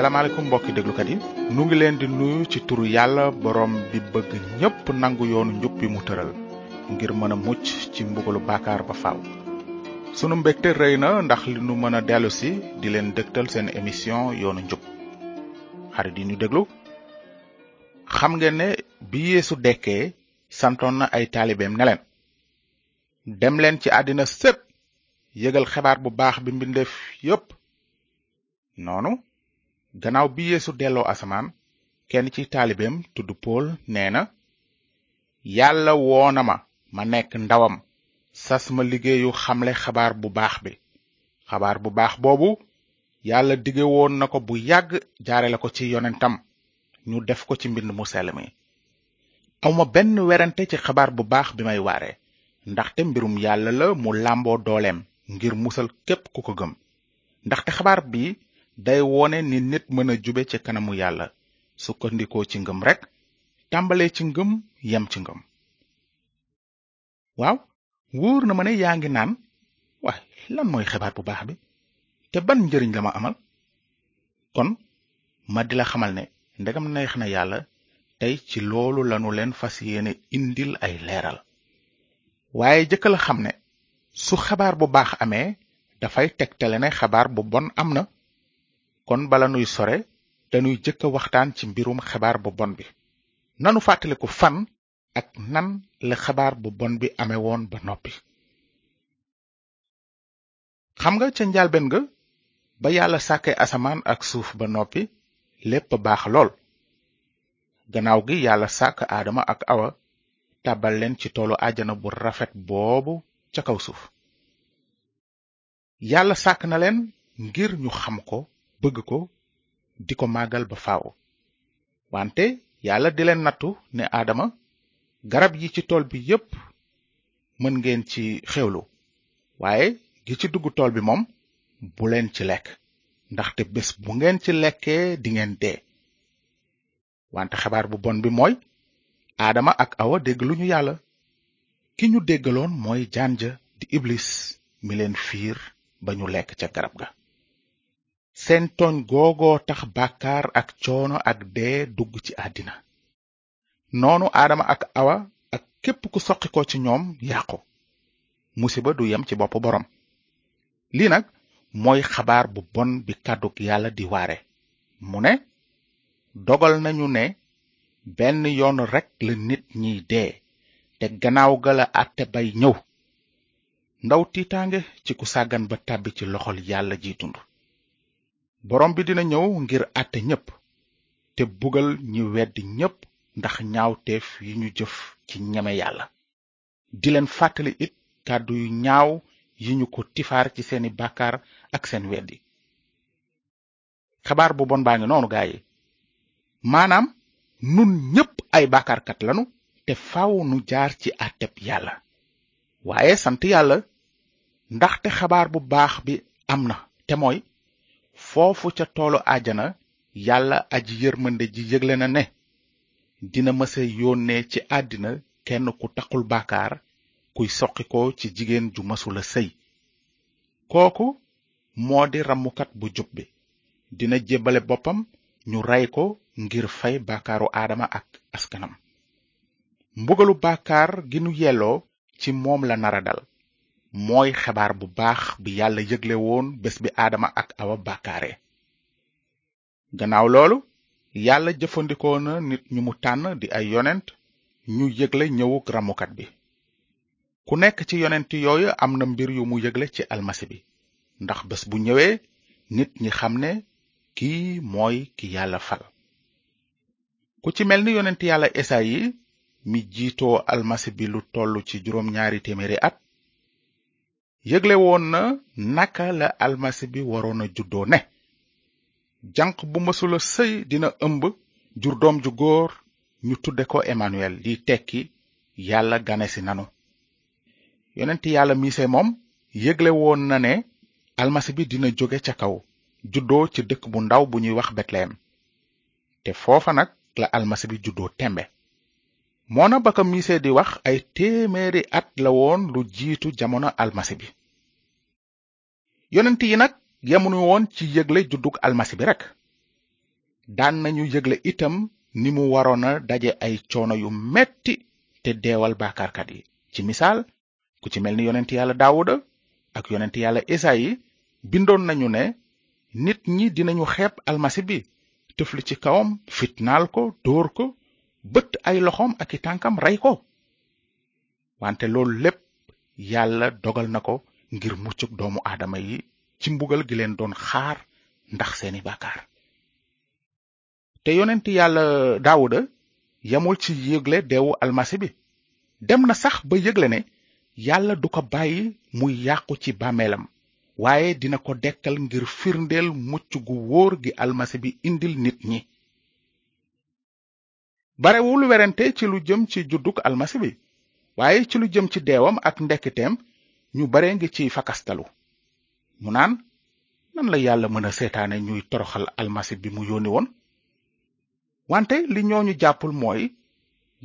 salaamaaleykum mbokki déglukat yi nu ngi leen di nuyu ci turu yàlla boroom bi bëgg ñépp nangu yoonu njub bi mu tëral ngir mën a mucc ci mbugalu bàkkaar ba faaw sunu mbégte rëy na ndax li nu mën a dellusi di leen dëgtal seen émission yoonu njub xarit di nu déglu xam ngeen ne bi yeesu dekkee santoon na ay taalibeem ne leen dem leen ci àddina sépp yëgal xebaar bu baax bi mbindeef yépp noonu gannaaw bi yeesu delloo asamaan kenn ci taalibeem tudd pool nee na yàlla woona ma ma nekk ndawam sas ma liggéeyu xamle xabaar bu baax bi xabaar bu baax boobu yàlla dige woon na ko bu yàgg jaare ko ci yonentam ñu def ko ci mbind mu sell mi awma benn werante ci xabaar bu baax bi may waare ndaxte mbirum yàlla la mu làmboo dooleem ngir musal képp ku ko gëm ndaxte xabaar bi day wone ni nit mën a jube ci kanamu yàlla sukkandikoo ci ngëm rekk tàmbalee ci ngëm yem ci ngëm waaw wóor na ma ne yaa ngi naan waaye lan mooy xibaar bu baax bi te ban njëriñ la ma amal kon ma di la xamal ne ndegam neex na yàlla tey ci loolu lanu leen fas yéene indil ay leeral waaye jëkkal xam ne su xabaar bu baax amee dafay tegtale ne xabaar bu bon am na kon bala nuy sore dañuy jëkk waxtaan ci mbirum xabaar bu bon bi nanu fàttaliku fan ak nan la xabaar bu bon bi ame woon ba noppi xam nga ca njaalbeen nga ba yàlla sàkke asamaan ak suuf ba noppi lépp baax lool gannaaw gi yàlla sàkk aadama ak awa tàbbal leen ci toolu àjjana bu rafet boobu ca kaw suuf yàlla sàkk na leen ngir ñu xam ko bëgg ko di ko màggal ba faw wante yàlla di leen nattu ne aadama garab yi ci tool bi yépp mën ngeen ci xewlu waaye gi ci dugg tool bi moom bu leen ci lekk ndaxte bés bu ngeen ci lekkee dingeen dee wante xabaar bu bon bi mooy aadama ak awa dégg lu ñu yàlla ki ñu déggaloon mooy jaan ja di iblis mi leen fiir ba ñu lekk ca garab ga seen tooñ googoo tax bàkkaar ak coono ak dee dugg ci àddina noonu aadama ak awa ak képp ku soqi ko ci ñoom yàqu musiba du yem ci bopp boroom lii nag mooy xabaar bu bon bi kàddug yàlla di waare mu ne dogal nañu ne benn yoon rekk la nit ñiy dee te gannaaw ga la àtte bay ñëw ndaw tiitaange ci ku sàggan ba tàbbi ci loxol yàlla ji dund borom bi dina ñëw ngir àtte ñépp te bugal ñi wedd ñépp ndax ñaawteef yi ñu jëf ci ñeme yàlla di leen fàttali it kàddu yu ñaaw yi ñu ko tifaar ci seeni bàkkaar ak seen weddi xabaar bu bon baa ngi noonu gaa yi maanaam nun ñépp ay bàkkaarkat lanu te faaw nu jaar ci àtteb yàlla waaye sant yàlla ndaxte xabaar bu baax bi am na te mooy foofu ca toolu ajana yàlla aji yërmande ji yëgle na ne dina mësa yónnee ci àddina kenn ku taxul baakaar kuy soqi ci jigéen ju masula sëy kooku moo di ramukat bu jub bi dina jébbale boppam ñu rey ko ngir fay baakaaru aadama ak askanam mbugalu baakaar gi nu yelloo ci moom la nara dal mooy xibaar bu baax bi yàlla yëgle woon bés bi aadama ak awa bàkkaare gannaaw loolu yàlla jëfandikoo na nit ñu mu tànn di ay yonent ñu yëgle ñëwug ramukat bi ku nekk ci yonent yooyu am na mbir yu mu yëgle ci almasi bi ndax bés bu ñëwee nit ñi xam ne kii mooy ki yàlla fal ku ci mel ni yonent yàlla esayi mi jiitoo almasi bi lu toll ci juróom ñaari téeméeri at yëgle woon na naka la almasi bi waroon a juddoo ne janq bu mësula sëy dina ëmb jur doom ju góor ñu tudde ko emmanuel di tekki yàlla ganesi nanu yonent yàlla miise moom yëgle woon na ne almasi bi dina jóge ca kaw juddoo ci dëkk bu ndaw bu ñuy wax betlehem te foofa nag la almasi bi juddoo tembe moona ba ko di wax ay téeméeri at la woon lu jiitu jamono almasi bi yonent yi nag yemuñu woon ci yëgle juddug almasi bi rekk daan nañu yëgle itam ni mu waroon a daje ay coono yu metti te deewal bàkkaarkat yi ci misaal ku ci mel ni yonent yàlla daawuda ak yonent yàlla esayi bindoon nañu ne nit ñi dinañu xeeb almasi bi tëfli ci kawam fitnaal ko dóor ko bët ay loxoom ak i tànkam rey ko wante loolu lépp yàlla dogal na ko ngir mucc doomu aadama yi ci mbugal gi leen doon xaar ndax seeni bàkkaar te yonent yàlla daawuda yamul ci yëgle deewu almasi bi dem na sax ba yëgle ne yàlla du ko bàyyi muy yàqu ci bàmmeelam waaye dina ko dekkal ngir firndeel mucc gu wóor gi almasi bi indil nit ñi barewul werante ci lu jëm ci juddug almasi bi waaye ci lu jëm ci deewam ak ndekkiteem ñu baree ngi ciy fakastalu mu naan nan la yàlla mën a seetaane ñuy toroxal almasi bi mu yónni woon wante li ñoo ñu jàppul mooy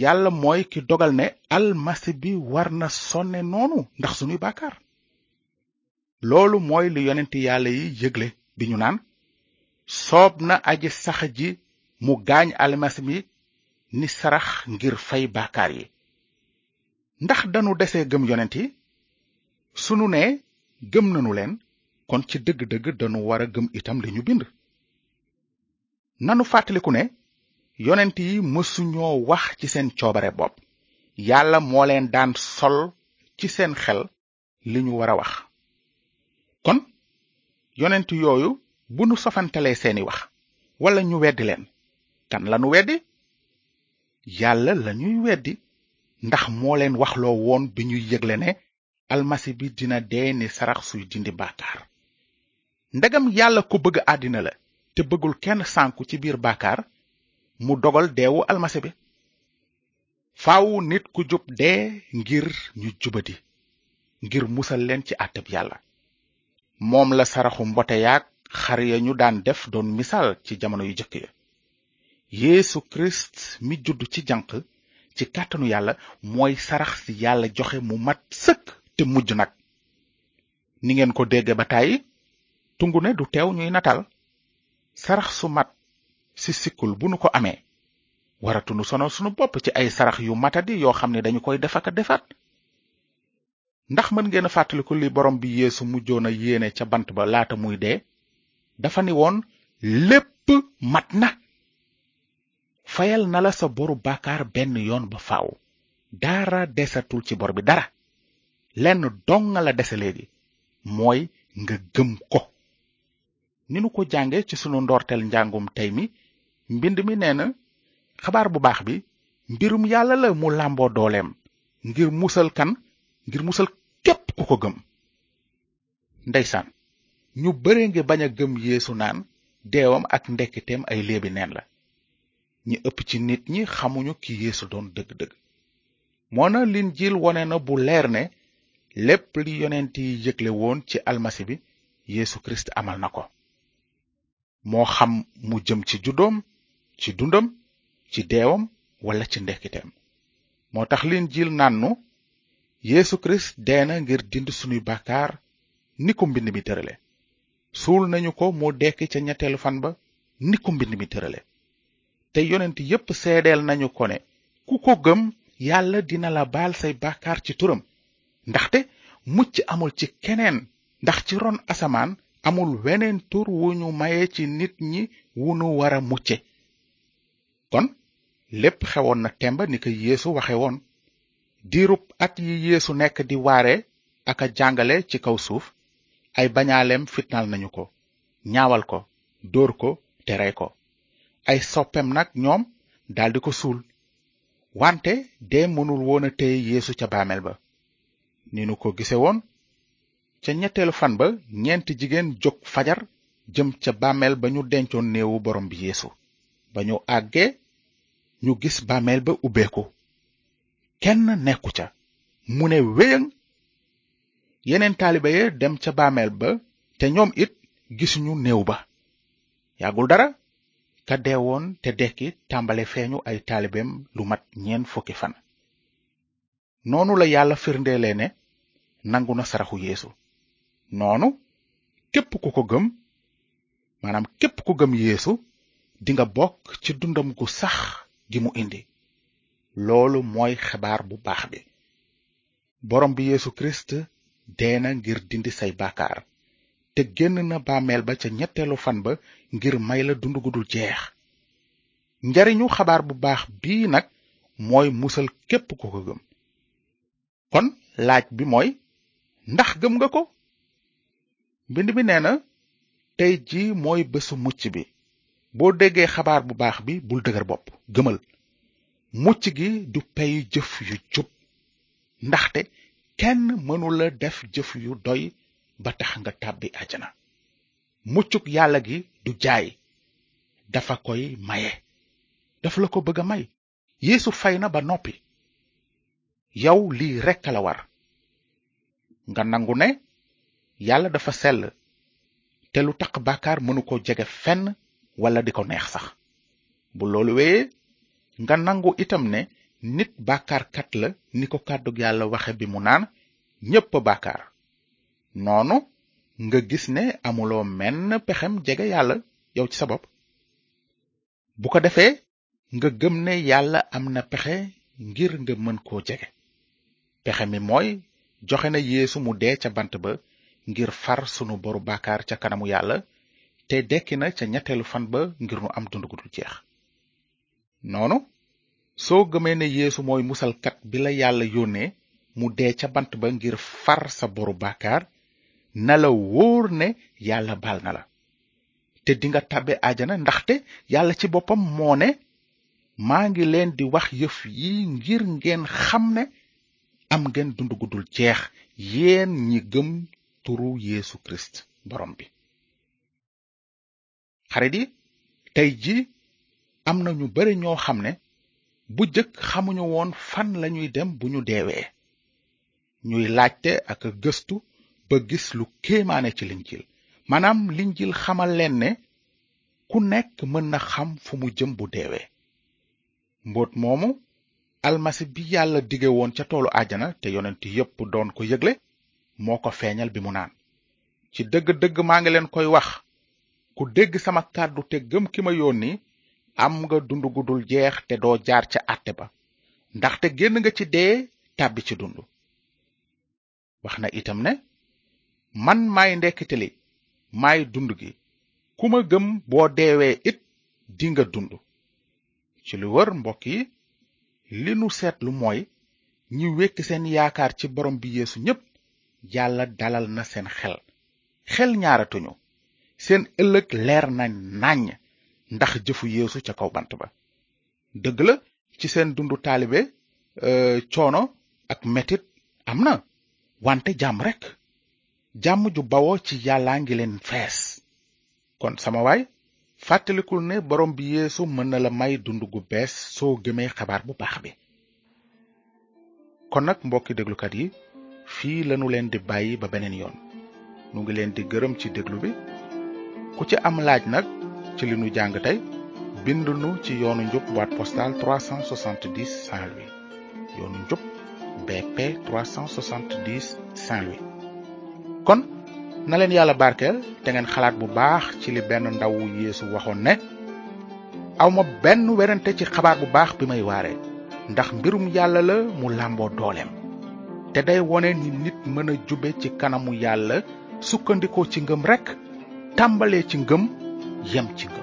yàlla mooy ki dogal ne almasi bi war na sonne noonu ndax sunuy bàkkaar loolu mooy li yonent yàlla yi yëgle bi ñu naan soob na aji sax ji mu gaañ almasi bi ni sarax ngir fay baakaar yi ndax danu dese gëm yonent yi sunu nee gëm nanu leen kon ci dëgg-dëgg danu war a gëm itam li ñu bind nanu fàttaliku ne yonent yi mësuñoo wax ci seen coobare bopp yàlla moo leen daan sol ci seen xel li ñu war a wax kon yonent yooyu bu nu sofantalee seeni wax walla ñu weddi leen kan lanu weddi yàlla lañuy weddi ndax moo leen waxloo woon bi ñuy yëgle ne almasi bi dina dee ni sarax suy dindi bàkkaar ndegam yàlla ko bëgg àddina la te bëggul kenn sànku ci biir bàkkaar mu dogal deewu almasi bi faw nit ku jub dee ngir ñu jubadi ngir musal leen ci àtteb yàlla moom la saraxu mbote yaag xar ya ñu daan def doon misaal ci jamono yu jëkk ya yéesu kirist mi judd ci janq ci kàttanu yàlla mooy sarax si yàlla joxe mu mat sëkk te mujj nag ni ngeen ko dégge ba tàyyi tungu ne du teew ñuy natal sarax su mat si sikkul bu nu ko amee waratunu sonal sunu bopp ci ay sarax yu matadi yoo xam ne dañu koy defaka defaat ndax mën ngeen fàttaliku li borom bi yéesu mujjoon a yéene ca bant ba laata muy dee dafa ni woon lépp mat na fayal na la sa boru bàkkaar benn yoon ba faaw dara desatul ci bor bi dara lenn donga la dese léegi mooy nga gëm ko ni nu ko jànge ci sunu ndoorteel njàngum tey mi mbind mi nee na xabaar bu baax bi mbirum yàlla la mu làmboo dooleem ngir musal kan ngir musal képp ku ko gëm ndeysaan ñu bare ngi bañ a gëm yéesu naan deewam ak ndekkiteem ay léebi neen la ñi ëpp ci nit ñi xamuñu ki yeesu doon dëgg-dëgg moona lin jiil wone na bu leer ne lépp li yonent yi yëgle woon ci almasi bi yeesu kirist amal na ko moo xam mu jëm ci juddoom ci dundam ci deewam walla ci ndekkiteem moo tax lin jiil nannu yéesu kirist dee na ngir dind sunuy bàkkaar ni ko mbind mi tërale suul nañu ko moo dekki ca ñetteelu fan ba ni ko mbind mi tërale te yonent yépp seedeel nañu ko ne ku ko gëm yàlla dina la baal say bàkkaar ci turam ndaxte mucc amul ci keneen ndax ci ron asamaan amul weneen tur wu ñu maye ci nit ñi wu nu war a mucce kon lépp xewoon na temba yéesu waxe woon diirub at yi yeesu nekk di waare ak a jàngale ci kaw suuf ay bañaaleem fitnaal nañu ko ñaawal ko dóor ko te rey ko ay soppem nag ñoom daldi ko suul wante dee mënul woon a téye ca baamel ba ni nu ko gise woon ca ñetteelu fan ba ñeenti jigéen jóg fajar jëm ca bàmmeel ba ñu dencoon néewu borom bi yéesu ba ñu àggee ñu gis bàmmeel ba ubbeeku kenn nekku ca mu ne wéyëng yeneen taalibe ya dem ca bàmmeel ba te ñoom it gisuñu néew ba dara nga deewoon te dekki tàmbale feeñu ay taalibeem lu mat ñeen fukki fan noonu la yàlla firndeele ne nangu na saraxu yéesu noonu képp ku ko gëm maanaam képp ku gëm yéesu dinga bokk ci dundam gu sax gi mu indi loolu mooy xibaar bu baax bi borom bi yéesu kirist dee na ngir dindi say bàkkaar te génn na bàmmeel ba ca ñetteelu fan ba ngir may la dund gu dul jeex njariñu xabaar bu baax bii nag mooy musal képp ko ko gëm kon laaj bi mooy ndax gëm nga ko mbind mi nee na tey ji mooy bésu mucc bi boo déggee xabaar bu baax bi bul dëgër bopp gëmal mucc gi du peyu jëf yu jub ndaxte kenn mënula def jëf yu doy ba tax nga tàbbi ajana muccug yàlla gi du jaay dafa koy maye dafa la ko bëgg a may yéesu fay na ba noppi yow lii rekk la war nga nangu ne yàlla dafa sell te lu tax bàkkaar mënu ko jege fenn walla di ko neex sax bu loolu wéyee nga nangu itam ne nit bàkkaarkat la ni ko kàddug yàlla waxe bi mu naan ñépp bàkkaar noonu nga gis ne amuloo menn pexem jege yàlla yow ci sa bopp bu ko defee nga gëm ne yàlla am na pexe ngir nga mën koo jege pexe mi mooy joxe na yéesu mu dee ca bant ba ngir far sunu boru bàkkaar ca kanamu yàlla te dekki na ca ñetteelu fan ba ngir nu am dund gu jeex noonu soo gëmee ne yeesu mooy musalkat bi la yàlla yónnee mu dee ca bant ba ngir far sa boru bàkkaar na wóor ne yàlla baal na la te dinga tàbbe ajana ndaxte yàlla ci boppam moo ne maa ngi leen di wax yëf yi ngir ngeen xam ne am ngeen dund guddul jeex yéen ñi gëm turu yéesu Kirist borom bi xarit yi tey ji am na ñu bare ñoo xam ne bu jëkk xamuñu woon fan lañuy dem bu ñu deewee ñuy laajte ak gëstu ba gis lu kéemaane ci linjil maanaam linjil xamal leen ne ku nekk mën na xam fu mu jëm bu deewee mboot moomu almasi bi yàlla dige woon ca toolu àjjana te yonent yépp doon ko yëgle moo ko feeñal bi mu naan ci dëgg-dëgg maa ngi leen koy wax ku dégg sama kàddu te gëm ki ma yónni am nga dund gu dul jeex te doo jaar ca àtte ba ndaxte génn nga ci dee tàbbi ci dund wax na itam ne man maay ndekkite li maay dund gi ku ma gëm boo deewee it dinga dund ci lu wër mbokk yi li nu seetlu mooy ñi wekki seen yaakaar ci borom bi yéesu ñépp yàlla dalal na seen xel xel ñaaratuñu seen ëllëg leer na nàññ ndax jëfu yéesu ca kaw bant ba dëgg la ci seen dundu taalibe euh, coono ak metit am na wante jàmm rekk jàmm ju bawoo ci yàllaa ngi leen fees kon sama waay fàttalikul ne borom bi yéesu mën na la may dund gu bees soo gëmee xabaar bu baax bi kon nag mbokki déglukat yi fii lanu leen di bàyyi ba beneen yoon mu ngi leen di gërëm ci déglu bi ku ci am laaj nag ci li nu jàng tey bind nu ci yoonu njub boîte postale 370 saint yoonu njub BP Saint-Louis kon na leen yàlla barkeel te ngeen xalaat bu baax ci li benn ndawu yéesu waxoon ne awma benn werante ci xabaar bu baax bi may waare ndax mbirum yàlla la mu làmboo dooleem te day wone ni nit mën a jube ci kanamu yàlla sukkandikoo ci ngëm rekk tàmbalee ci ngëm yem ci ngëm